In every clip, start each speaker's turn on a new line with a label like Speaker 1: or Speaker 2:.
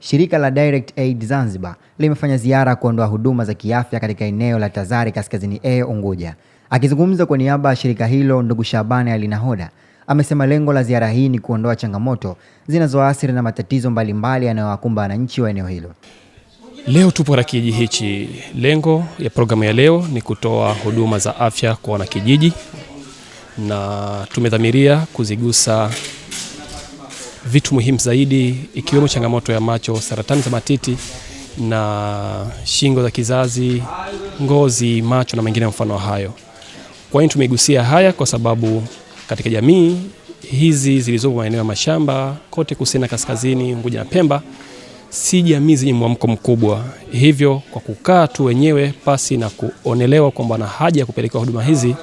Speaker 1: Shirika la Direct Aid Zanzibar limefanya ziara kuondoa huduma za kiafya katika eneo la Tazari Kaskazini A Unguja. Akizungumza kwa niaba ya shirika hilo, ndugu Shabani Ali Nahoda amesema lengo la ziara hii ni kuondoa changamoto zinazoathiri na matatizo mbalimbali yanayowakumba wananchi wa eneo hilo.
Speaker 2: Leo tupo katika kijiji hichi. Lengo ya programu ya leo ni kutoa huduma za afya kwa wanakijiji na tumedhamiria kuzigusa vitu muhimu zaidi ikiwemo changamoto ya macho, saratani za matiti na shingo za kizazi, ngozi, macho na mengine mfano hayo. Kwa hiyo tumegusia haya kwa sababu katika jamii hizi zilizopo maeneo ya mashamba kote kusini na kaskazini, Unguja na Pemba, si jamii zenye mwamko mkubwa. Hivyo kwa kukaa tu wenyewe pasi na kuonelewa kwamba na haja ya kupelekewa huduma hizi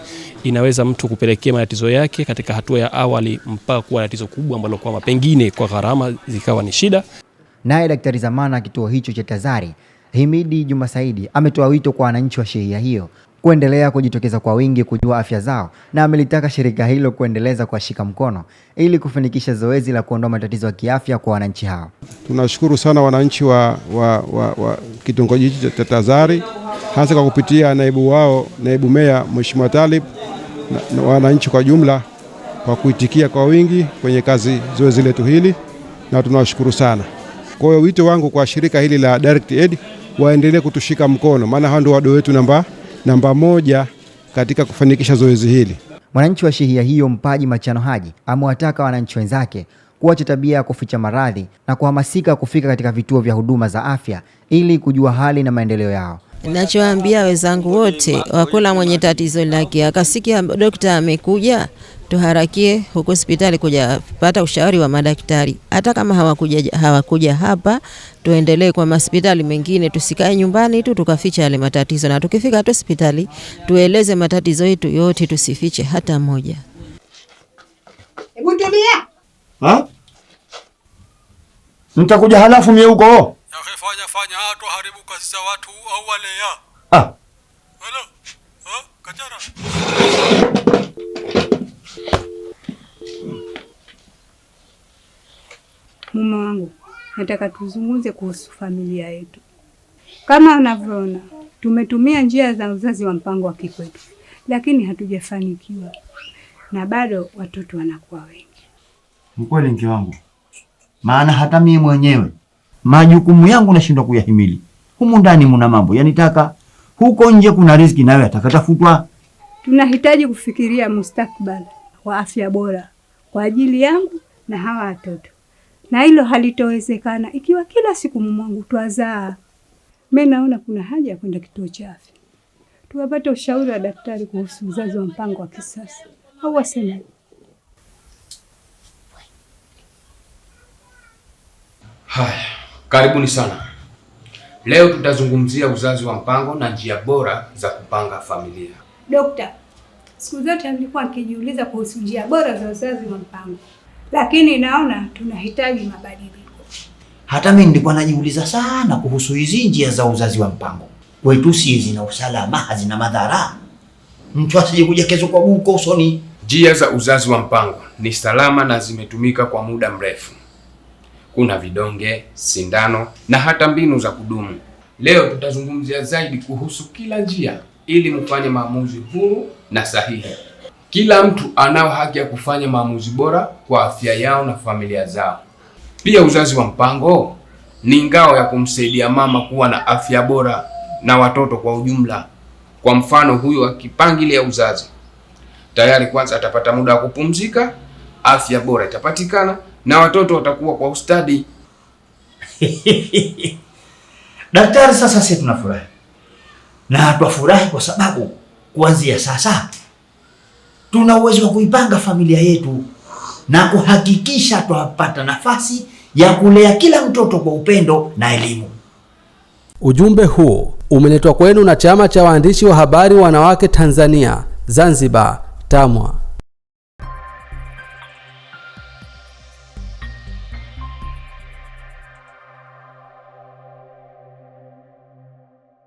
Speaker 2: inaweza mtu kupelekea matatizo yake katika hatua ya awali mpaka kuwa tatizo kubwa ambalo kwamba pengine kwa gharama zikawa ni shida.
Speaker 1: Naye daktari zamana kituo hicho cha TAZARI Himidi Juma Saidi ametoa wito kwa wananchi wa shehia hiyo kuendelea kujitokeza kwa wingi kujua afya zao, na amelitaka shirika hilo kuendeleza kuwashika mkono ili kufanikisha zoezi la kuondoa matatizo ya kiafya kwa wananchi hao.
Speaker 3: Tunashukuru sana wananchi wa, wa, wa, wa kitongoji hicho cha TAZARI hasa kwa kupitia naibu wao, naibu meya Mheshimiwa Talib na wananchi kwa jumla kwa kuitikia kwa wingi kwenye kazi zoezi letu hili, na tunawashukuru sana. Kwa hiyo wito wangu kwa shirika hili la Direct Aid waendelee kutushika mkono, maana hao ndio wadau wetu namba, namba moja katika kufanikisha zoezi hili.
Speaker 1: Mwananchi wa shehia hiyo Mpaji Machano Haji amewataka wananchi wenzake kuacha tabia ya kuficha maradhi na kuhamasika kufika katika vituo vya huduma za afya ili kujua hali na maendeleo yao.
Speaker 4: Ninachoambia wenzangu wote, wakula mwenye tatizo lake akasikia dokta amekuja, tuharakie huko hospitali kuja pata ushauri wa madaktari. Hata kama hawakuja, hawakuja hapa, tuendelee kwa hospitali mengine, tusikae nyumbani tu tukaficha yale matatizo, na tukifika tu hospitali tueleze matatizo yetu yote, tusifiche hata moja.
Speaker 5: Hebu tulia,
Speaker 6: Mtakuja halafu mie huko
Speaker 7: hato haribu kazi za watu au ya. Ah. Hello. Ha? Ah, Kajara.
Speaker 8: Mume wangu, nataka tuzungumze kuhusu familia yetu. Kama unavyoona, tumetumia njia za uzazi wa mpango wa kikwetu, lakini hatujafanikiwa na bado watoto wanakuwa wengi.
Speaker 6: Mkweli mke wangu, maana hata mimi mwenyewe majukumu yangu nashindwa kuyahimili. Humu ndani muna mambo yanitaka, huko nje kuna riziki nayo yatakatafutwa.
Speaker 8: Tunahitaji kufikiria mustakbali wa afya bora kwa ajili yangu na hawa watoto, na hilo halitowezekana ikiwa kila siku mumwangu twazaa. Mimi naona kuna haja ya kwenda kituo cha afya tuwapate ushauri wa daktari kuhusu uzazi wa mpango wa kisasa, au waseme
Speaker 9: haya. Karibuni sana. Leo tutazungumzia uzazi wa mpango na njia bora za kupanga familia.
Speaker 10: Dokta, siku zote nilikuwa nikijiuliza kuhusu njia bora za uzazi wa mpango, lakini naona tunahitaji mabadiliko.
Speaker 11: Hata mimi nilikuwa najiuliza sana kuhusu hizi njia za uzazi wa mpango. Kwetu si zina usalama, hazina madhara, mtu asije kuja kesho kwa buko usoni.
Speaker 9: Njia za uzazi wa mpango ni salama na zimetumika kwa muda mrefu kuna vidonge, sindano na hata mbinu za kudumu. Leo tutazungumzia zaidi kuhusu kila njia ili mfanye maamuzi huru na sahihi. Kila mtu anao haki ya kufanya maamuzi bora kwa afya yao na familia zao. Pia uzazi wa mpango ni ngao ya kumsaidia mama kuwa na afya bora na watoto kwa ujumla. Kwa mfano, huyu akipangilia uzazi tayari, kwanza atapata muda wa kupumzika, afya bora itapatikana na watoto watakuwa kwa ustadi.
Speaker 11: Daktari, sasa sisi tunafurahi na twafurahi kwa sababu kuanzia sasa tuna uwezo wa kuipanga familia yetu na kuhakikisha twapata nafasi ya kulea kila mtoto kwa upendo na elimu.
Speaker 12: Ujumbe huo umeletwa kwenu na Chama cha Waandishi wa Habari Wanawake Tanzania Zanzibar, TAMWA.